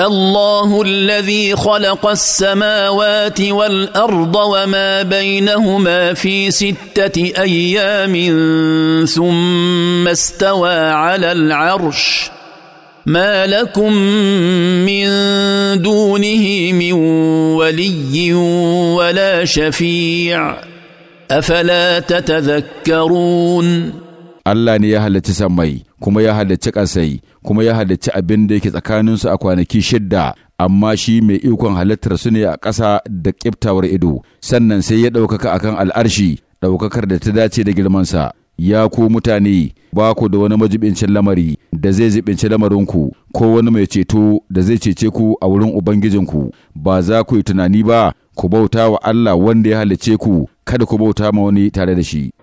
الله الذي خلق السماوات والارض وما بينهما في سته ايام ثم استوى على العرش ما لكم من دونه من ولي ولا شفيع افلا تتذكرون Allah ne ya halarci sammai kuma ya halarci ƙasai kuma ya halarci abin da yake tsakaninsu a kwanaki shidda amma shi mai ikon halittar su ne a ƙasa da ƙiftawar ido sannan sai ya ɗaukaka akan al'arshi ɗaukakar da ta dace da girmansa ya ku mutane ba ku da wani majibincin lamari da zai zibinci lamarinku ko wani mai ceto da zai cece ku a wurin ubangijinku ba za ku yi tunani ba ku bauta wa Allah wanda ya halice ku kada ku bauta ma wani tare da shi